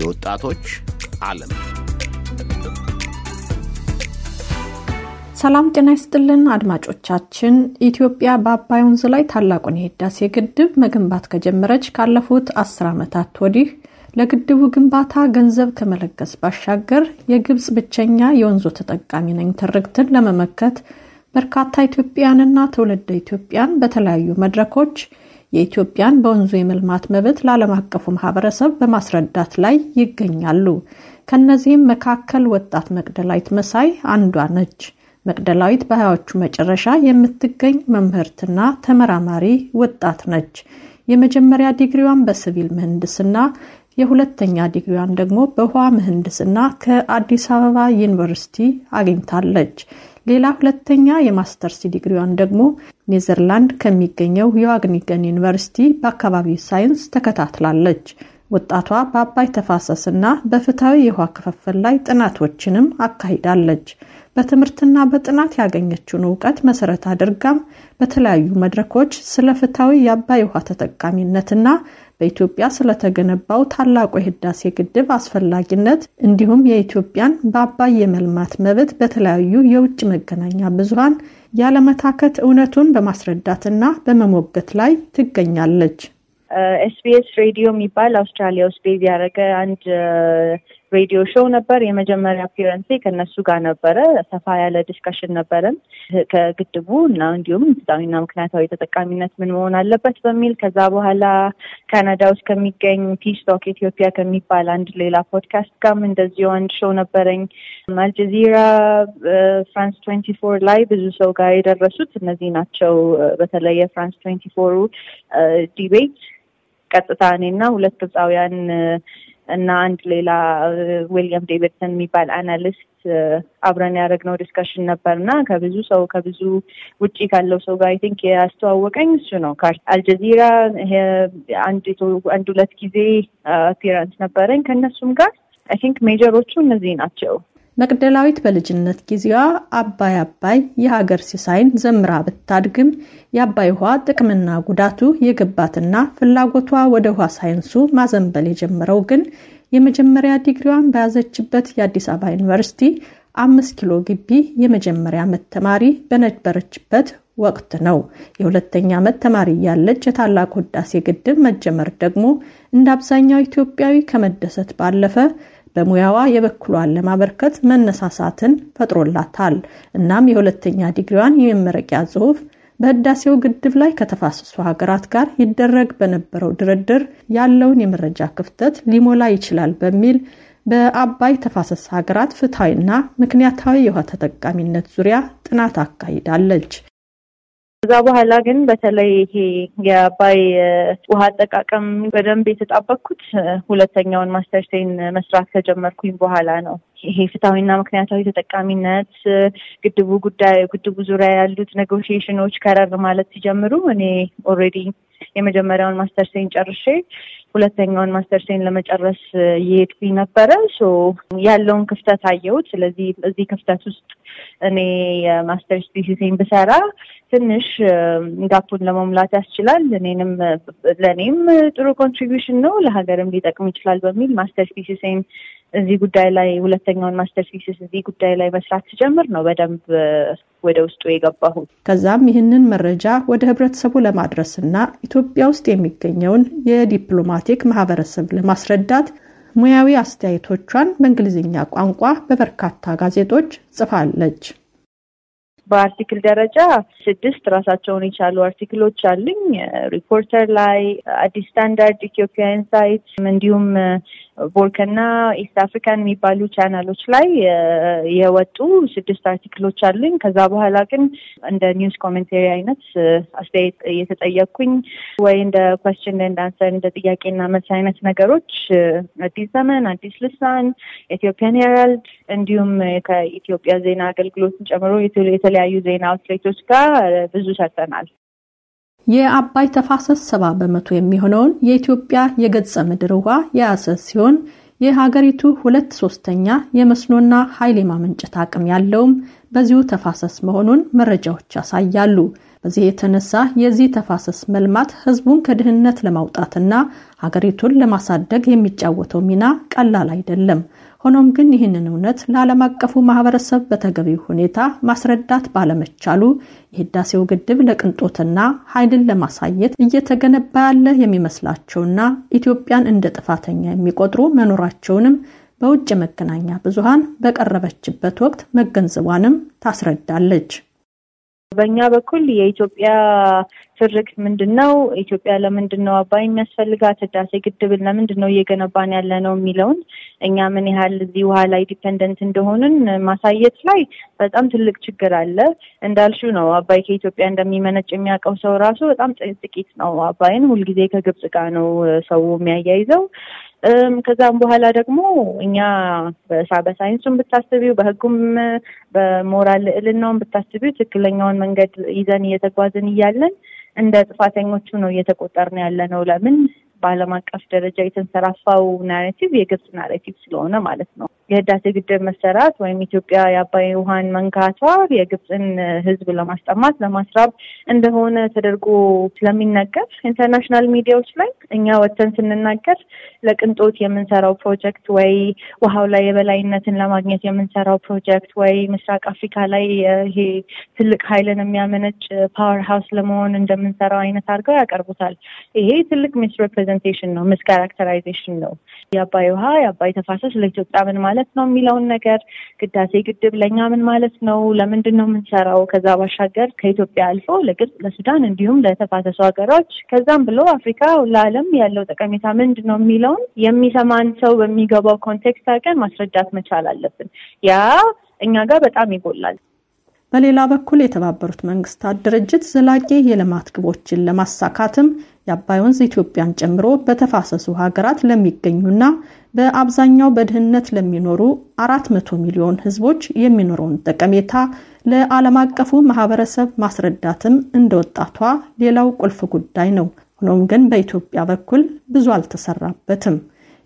የወጣቶች ዓለም ሰላም ጤና ይስጥልን አድማጮቻችን። ኢትዮጵያ በአባይ ወንዝ ላይ ታላቁን የህዳሴ ግድብ መገንባት ከጀመረች ካለፉት አስር ዓመታት ወዲህ ለግድቡ ግንባታ ገንዘብ ከመለገስ ባሻገር የግብፅ ብቸኛ የወንዞ ተጠቃሚ ነኝ ትርክትን ለመመከት በርካታ ኢትዮጵያንና ትውልደ ኢትዮጵያን በተለያዩ መድረኮች የኢትዮጵያን በወንዙ የመልማት መብት ለዓለም አቀፉ ማህበረሰብ በማስረዳት ላይ ይገኛሉ። ከእነዚህም መካከል ወጣት መቅደላዊት መሳይ አንዷ ነች። መቅደላዊት በሀያዎቹ መጨረሻ የምትገኝ መምህርትና ተመራማሪ ወጣት ነች። የመጀመሪያ ዲግሪዋን በሲቪል ምህንድስና የሁለተኛ ዲግሪዋን ደግሞ በውሃ ምህንድስና ከአዲስ አበባ ዩኒቨርሲቲ አግኝታለች። ሌላ ሁለተኛ የማስተርስ ዲግሪዋን ደግሞ ኔዘርላንድ ከሚገኘው የዋግኒገን ዩኒቨርሲቲ በአካባቢ ሳይንስ ተከታትላለች። ወጣቷ በአባይ ተፋሰስና በፍትሐዊ የውሃ ክፍፍል ላይ ጥናቶችንም አካሂዳለች። በትምህርትና በጥናት ያገኘችውን እውቀት መሰረት አድርጋም በተለያዩ መድረኮች ስለ ፍትሐዊ የአባይ ውሃ ተጠቃሚነትና በኢትዮጵያ ስለተገነባው ታላቁ የህዳሴ ግድብ አስፈላጊነት እንዲሁም የኢትዮጵያን በአባይ የመልማት መብት በተለያዩ የውጭ መገናኛ ብዙሃን ያለመታከት እውነቱን በማስረዳትና በመሞገት ላይ ትገኛለች። ኤስቢኤስ ሬዲዮ የሚባል አውስትራሊያ ውስጥ ቤዝ ያደረገ አንድ ሬዲዮ ሾው ነበር። የመጀመሪያ አፒረንሴ ከእነሱ ጋር ነበረ። ሰፋ ያለ ዲስካሽን ነበረን ከግድቡ እና እንዲሁም ፍትሐዊና ምክንያታዊ ተጠቃሚነት ምን መሆን አለበት በሚል ከዛ በኋላ ካናዳ ውስጥ ከሚገኝ ፒስ ቶክ ኢትዮጵያ ከሚባል አንድ ሌላ ፖድካስት ጋም እንደዚሁ አንድ ሾው ነበረኝ። አልጀዚራ፣ ፍራንስ ትዌንቲ ፎር ላይ ብዙ ሰው ጋር የደረሱት እነዚህ ናቸው። በተለይ የፍራንስ ትዌንቲ ፎሩ ዲቤት ቀጥታ እኔና ሁለት ግብፃውያን እና አንድ ሌላ ዊሊያም ዴቪድሰን የሚባል አናሊስት አብረን ያደረግነው ዲስካሽን ነበር እና ከብዙ ሰው ከብዙ ውጭ ካለው ሰው ጋር አይ ቲንክ ያስተዋወቀኝ እሱ ነው። አልጀዚራ አንድ ሁለት ጊዜ አፒራንስ ነበረኝ ከእነሱም ጋር አይ ቲንክ ሜጀሮቹ እነዚህ ናቸው። መቅደላዊት በልጅነት ጊዜዋ አባይ አባይ የሀገር ሲሳይን ዘምራ ብታድግም የአባይ ውሃ ጥቅምና ጉዳቱ የገባትና ፍላጎቷ ወደ ውሃ ሳይንሱ ማዘንበል የጀመረው ግን የመጀመሪያ ዲግሪዋን በያዘችበት የአዲስ አበባ ዩኒቨርሲቲ አምስት ኪሎ ግቢ የመጀመሪያ ዓመት ተማሪ በነበረችበት ወቅት ነው። የሁለተኛ ዓመት ተማሪ እያለች የታላቁ ህዳሴ ግድብ መጀመር ደግሞ እንደ አብዛኛው ኢትዮጵያዊ ከመደሰት ባለፈ በሙያዋ የበኩሏን ለማበርከት መነሳሳትን ፈጥሮላታል። እናም የሁለተኛ ዲግሪዋን የመመረቂያ ጽሑፍ በህዳሴው ግድብ ላይ ከተፋሰሱ ሀገራት ጋር ይደረግ በነበረው ድርድር ያለውን የመረጃ ክፍተት ሊሞላ ይችላል በሚል በአባይ ተፋሰስ ሀገራት ፍትሐዊና ምክንያታዊ የውሃ ተጠቃሚነት ዙሪያ ጥናት አካሂዳለች። ከዛ በኋላ ግን በተለይ ይሄ የአባይ ውሃ አጠቃቀም በደንብ የተጣበቅኩት ሁለተኛውን ማስተርሴን መስራት ከጀመርኩኝ በኋላ ነው። ይሄ ፍትሐዊና ምክንያታዊ ተጠቃሚነት ግድቡ ጉዳይ ግድቡ ዙሪያ ያሉት ኔጎሽሽኖች ከረር ማለት ሲጀምሩ እኔ ኦልሬዲ የመጀመሪያውን ማስተርሴን ጨርሼ ሁለተኛውን ማስተርሴን ለመጨረስ እየሄድኩኝ ነበረ። ያለውን ክፍተት አየሁት። ስለዚህ እዚህ ክፍተት ውስጥ እኔ የማስተርስ ቴሲሴን ብሰራ ትንሽ ጋፑን ለመሙላት ያስችላል። እኔንም ለእኔም ጥሩ ኮንትሪቢሽን ነው፣ ለሀገርም ሊጠቅም ይችላል በሚል ማስተርስ ቴሲሴን እዚህ ጉዳይ ላይ ሁለተኛውን ማስተር ፊስስ እዚህ ጉዳይ ላይ መስራት ሲጀምር ነው በደንብ ወደ ውስጡ የገባሁት። ከዛም ይህንን መረጃ ወደ ህብረተሰቡ ለማድረስና ኢትዮጵያ ውስጥ የሚገኘውን የዲፕሎማቲክ ማህበረሰብ ለማስረዳት ሙያዊ አስተያየቶቿን በእንግሊዝኛ ቋንቋ በበርካታ ጋዜጦች ጽፋለች። በአርቲክል ደረጃ ስድስት ራሳቸውን የቻሉ አርቲክሎች አሉኝ። ሪፖርተር ላይ፣ አዲስ ስታንዳርድ፣ ኢትዮጵያ ኢንሳይት እንዲሁም ቦልከና ኢስት አፍሪካን የሚባሉ ቻናሎች ላይ የወጡ ስድስት አርቲክሎች አሉኝ። ከዛ በኋላ ግን እንደ ኒውስ ኮሜንቴሪ አይነት አስተያየት እየተጠየቅኩኝ ወይ እንደ ኳስችን እንደ አንሰር እንደ ጥያቄና መልስ አይነት ነገሮች አዲስ ዘመን፣ አዲስ ልሳን፣ ኢትዮጵያን ሄራልድ እንዲሁም ከኢትዮጵያ ዜና አገልግሎትን ጨምሮ የተለያዩ ዜና አውትሌቶች ጋር ብዙ ሰርተናል። የአባይ ተፋሰስ ሰባ በመቶ የሚሆነውን የኢትዮጵያ የገጸ ምድር ውሃ የያዘ ሲሆን የሀገሪቱ ሁለት ሶስተኛ የመስኖና ኃይል የማመንጨት አቅም ያለውም በዚሁ ተፋሰስ መሆኑን መረጃዎች ያሳያሉ። በዚህ የተነሳ የዚህ ተፋሰስ መልማት ህዝቡን ከድህነት ለማውጣትና ሀገሪቱን ለማሳደግ የሚጫወተው ሚና ቀላል አይደለም። ሆኖም ግን ይህንን እውነት ለዓለም አቀፉ ማህበረሰብ በተገቢው ሁኔታ ማስረዳት ባለመቻሉ የህዳሴው ግድብ ለቅንጦትና ኃይልን ለማሳየት እየተገነባ ያለ የሚመስላቸውና ኢትዮጵያን እንደ ጥፋተኛ የሚቆጥሩ መኖራቸውንም በውጭ መገናኛ ብዙሃን በቀረበችበት ወቅት መገንዘቧንም ታስረዳለች። በእኛ በኩል የኢትዮጵያ ትርክት ምንድን ነው? ኢትዮጵያ ለምንድን ነው አባይ የሚያስፈልጋት? ህዳሴ ግድብን ለምንድን ነው እየገነባን ያለ ነው የሚለውን እኛ ምን ያህል እዚህ ውሃ ላይ ዲፐንደንት እንደሆንን ማሳየት ላይ በጣም ትልቅ ችግር አለ። እንዳልሹ ነው አባይ ከኢትዮጵያ እንደሚመነጭ የሚያውቀው ሰው ራሱ በጣም ጥቂት ነው። አባይን ሁልጊዜ ከግብጽ ጋር ነው ሰው የሚያያይዘው። ከዛም በኋላ ደግሞ እኛ በሳይንሱን ብታስቢው በህጉም በሞራል ልዕልናውም ብታስቢው ትክክለኛውን መንገድ ይዘን እየተጓዝን እያለን እንደ ጥፋተኞቹ ነው እየተቆጠርን ያለ ነው። ለምን በዓለም አቀፍ ደረጃ የተንሰራፋው ናሬቲቭ የግብጽ ናሬቲቭ ስለሆነ ማለት ነው። የህዳሴ ግድብ መሰራት ወይም ኢትዮጵያ የአባይ ውሃን መንካቷ የግብፅን ህዝብ ለማስጠማት ለማስራብ እንደሆነ ተደርጎ ስለሚነገር ኢንተርናሽናል ሚዲያዎች ላይ እኛ ወጥተን ስንናገር ለቅንጦት የምንሰራው ፕሮጀክት ወይ ውሃው ላይ የበላይነትን ለማግኘት የምንሰራው ፕሮጀክት ወይ ምስራቅ አፍሪካ ላይ ይሄ ትልቅ ኃይልን የሚያመነጭ ፓወር ሀውስ ለመሆን እንደምንሰራው አይነት አድርገው ያቀርቡታል። ይሄ ትልቅ ሪፕሬዘንቴሽን ነው፣ ካራክተራይዜሽን ነው። የአባይ ውሃ የአባይ ተፋሰስ ለኢትዮጵያ ምን ማለት ማለት ነው የሚለውን ነገር ግዳሴ ግድብ ለእኛ ምን ማለት ነው፣ ለምንድን ነው የምንሰራው፣ ከዛ ባሻገር ከኢትዮጵያ አልፎ ለግብጽ፣ ለሱዳን እንዲሁም ለተፋሰሱ ሀገሮች ከዛም ብሎ አፍሪካ ለዓለም ያለው ጠቀሜታ ምንድን ነው የሚለውን የሚሰማን ሰው በሚገባው ኮንቴክስት አድርገን ማስረዳት መቻል አለብን። ያ እኛ ጋር በጣም ይጎላል። በሌላ በኩል የተባበሩት መንግስታት ድርጅት ዘላቂ የልማት ግቦችን ለማሳካትም የአባይ ወንዝ ኢትዮጵያን ጨምሮ በተፋሰሱ ሀገራት ለሚገኙና በአብዛኛው በድህነት ለሚኖሩ አራት መቶ ሚሊዮን ህዝቦች የሚኖረውን ጠቀሜታ ለዓለም አቀፉ ማህበረሰብ ማስረዳትም እንደ ወጣቷ ሌላው ቁልፍ ጉዳይ ነው። ሆኖም ግን በኢትዮጵያ በኩል ብዙ አልተሰራበትም።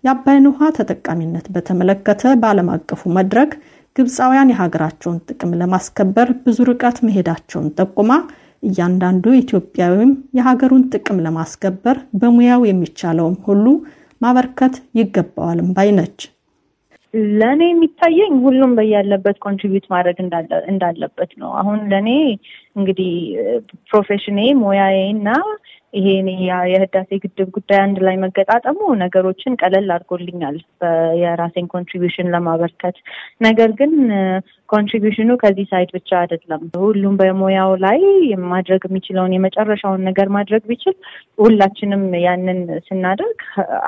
የአባይን ውሃ ተጠቃሚነት በተመለከተ በዓለም አቀፉ መድረክ ግብፃውያን የሀገራቸውን ጥቅም ለማስከበር ብዙ ርቀት መሄዳቸውን ጠቁማ እያንዳንዱ ኢትዮጵያዊም የሀገሩን ጥቅም ለማስከበር በሙያው የሚቻለውም ሁሉ ማበርከት ይገባዋልም ባይ ነች። ለእኔ የሚታየኝ ሁሉም በያለበት ኮንትሪቢዩት ማድረግ እንዳለበት ነው። አሁን ለእኔ እንግዲህ ፕሮፌሽኔ ሞያዬ እና ይሄን የህዳሴ ግድብ ጉዳይ አንድ ላይ መገጣጠሙ ነገሮችን ቀለል አድርጎልኛል የራሴን ኮንትሪቢሽን ለማበርከት። ነገር ግን ኮንትሪቢሽኑ ከዚህ ሳይድ ብቻ አይደለም። ሁሉም በሙያው ላይ ማድረግ የሚችለውን የመጨረሻውን ነገር ማድረግ ቢችል ሁላችንም ያንን ስናደርግ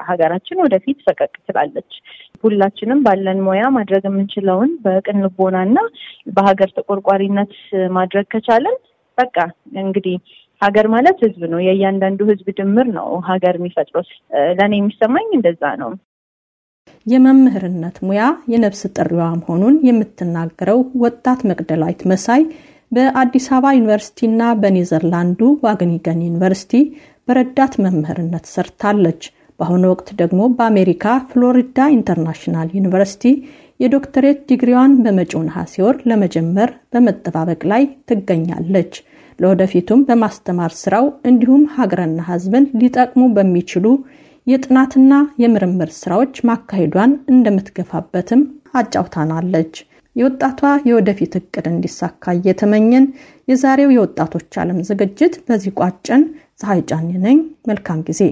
ሀገራችን ወደፊት ፈቀቅ ትላለች። ሁላችንም ባለን ሙያ ማድረግ የምንችለውን በቅን ልቦናና በሀገር ተቆርቋሪነት ማድረግ ከቻለን በቃ እንግዲህ ሀገር ማለት ህዝብ ነው። የእያንዳንዱ ህዝብ ድምር ነው ሀገር የሚፈጥሮት ለእኔ የሚሰማኝ እንደዛ ነው። የመምህርነት ሙያ የነፍስ ጥሪዋ መሆኑን የምትናገረው ወጣት መቅደላዊት መሳይ በአዲስ አበባ ዩኒቨርሲቲና በኔዘርላንዱ ዋግኒገን ዩኒቨርሲቲ በረዳት መምህርነት ሰርታለች። በአሁኑ ወቅት ደግሞ በአሜሪካ ፍሎሪዳ ኢንተርናሽናል ዩኒቨርሲቲ የዶክተሬት ዲግሪዋን በመጪው ነሐሴ ወር ለመጀመር በመጠባበቅ ላይ ትገኛለች። ለወደፊቱም በማስተማር ስራው እንዲሁም ሀገርና ሕዝብን ሊጠቅሙ በሚችሉ የጥናትና የምርምር ስራዎች ማካሄዷን እንደምትገፋበትም አጫውታናለች። የወጣቷ የወደፊት እቅድ እንዲሳካ እየተመኘን የዛሬው የወጣቶች ዓለም ዝግጅት በዚህ ቋጭን። ፀሐይ ጫኔ ነኝ። መልካም ጊዜ